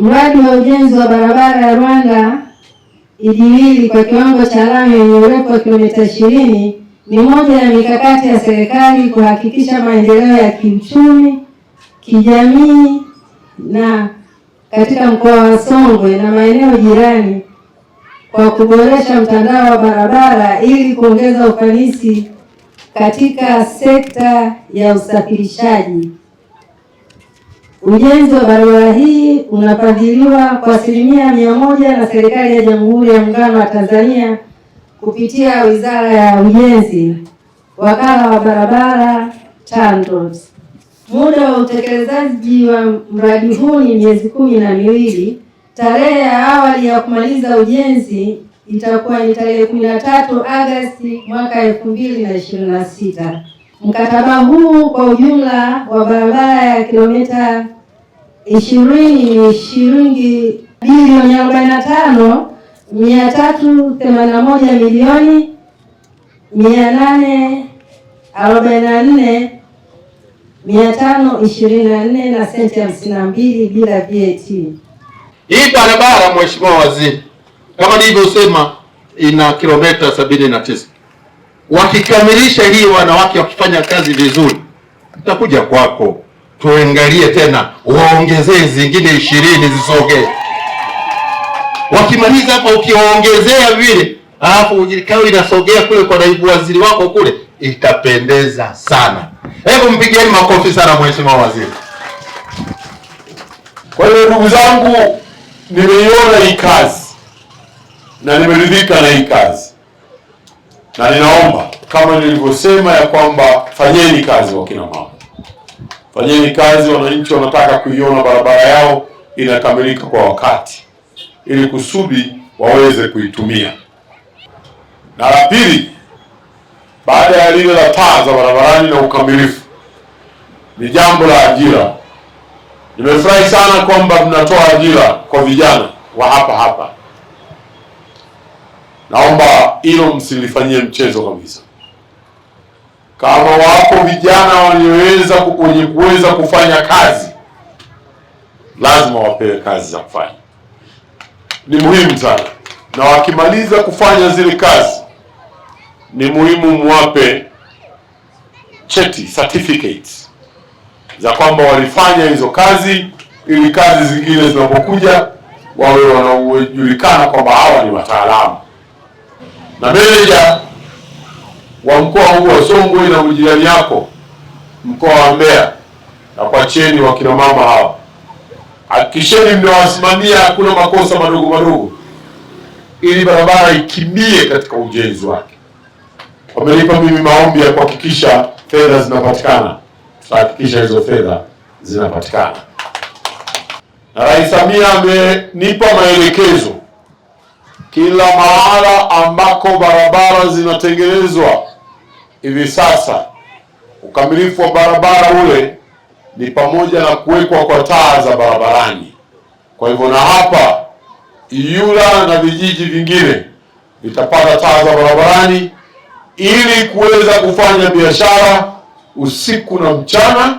Mradi wa ujenzi wa barabara ya rwanda Idiwili kwa kiwango cha lami yenye urefu wa kilomita ishirini ni moja ya mikakati ya serikali kuhakikisha maendeleo ya kiuchumi, kijamii na katika mkoa wa Songwe na maeneo jirani kwa kuboresha mtandao wa barabara ili kuongeza ufanisi katika sekta ya usafirishaji. Ujenzi wa barabara hii unafadhiliwa kwa asilimia mia moja na serikali ya Jamhuri ya Muungano wa Tanzania kupitia Wizara ya Ujenzi, wakala wa barabara TANROADS. Muda wa utekelezaji wa mradi huu ni miezi kumi na miwili. Tarehe ya awali ya kumaliza ujenzi itakuwa ni tarehe 13 Agosti mwaka 2026. Mkataba huu kwa ujumla wa barabara ya kilomita ishirini ni shilingi bilioni arobaini na tano mia tatu themanini na moja milioni mia nane arobaini na nne mia tano ishirini na nne na senti hamsini na mbili bila VAT. Hii barabara Mheshimiwa Waziri, kama nilivyosema, ina kilomita sabini na tisa wakikamilisha hii, wanawake wakifanya kazi vizuri, tutakuja kwako tuangalie tena, waongezee zingine ishirini zisogee. Wakimaliza hapa, ukiwaongezea vile, alafu kawa inasogea kule kwa naibu waziri wako kule, itapendeza sana. Hebu mpigieni makofi sana mheshimiwa waziri. Kwa hiyo ndugu zangu, nimeiona hii kazi na nimeridhika na hii kazi na ninaomba kama nilivyosema ya kwamba fanyeni kazi wakina mama, fanyeni kazi. Wananchi wanataka kuiona barabara yao inakamilika kwa wakati, ili kusudi waweze kuitumia. Na la pili, baada ya lile la taa za barabarani na ukamilifu, ni jambo la ajira. Nimefurahi sana kwamba mnatoa ajira kwa vijana wa hapa hapa Naomba hilo msilifanyie mchezo kabisa. Kama wako vijana walioweza wenye kuweza kufanya kazi, lazima wapewe kazi za kufanya, ni muhimu sana. Na wakimaliza kufanya zile kazi, ni muhimu mwape cheti certificate za kwamba walifanya hizo kazi, ili kazi zingine zinapokuja wawe wanajulikana kwamba hawa ni wataalamu na meneja wa mkoa huu wa Songwe na mjirani yako mkoa wa Mbeya, na kwacheni wakina mama hawa, hakikisheni mnawasimamia, hakuna makosa madogo madogo, ili barabara ikimbie katika ujenzi wake. Wamenipa mimi maombi ya kuhakikisha fedha zinapatikana, tutahakikisha hizo fedha zinapatikana, na Rais Samia amenipa maelekezo kila mahala ambako barabara zinatengenezwa hivi sasa, ukamilifu wa barabara ule ni pamoja na kuwekwa kwa taa za barabarani. Kwa hivyo, na hapa Iyula na vijiji vingine vitapata taa za barabarani ili kuweza kufanya biashara usiku na mchana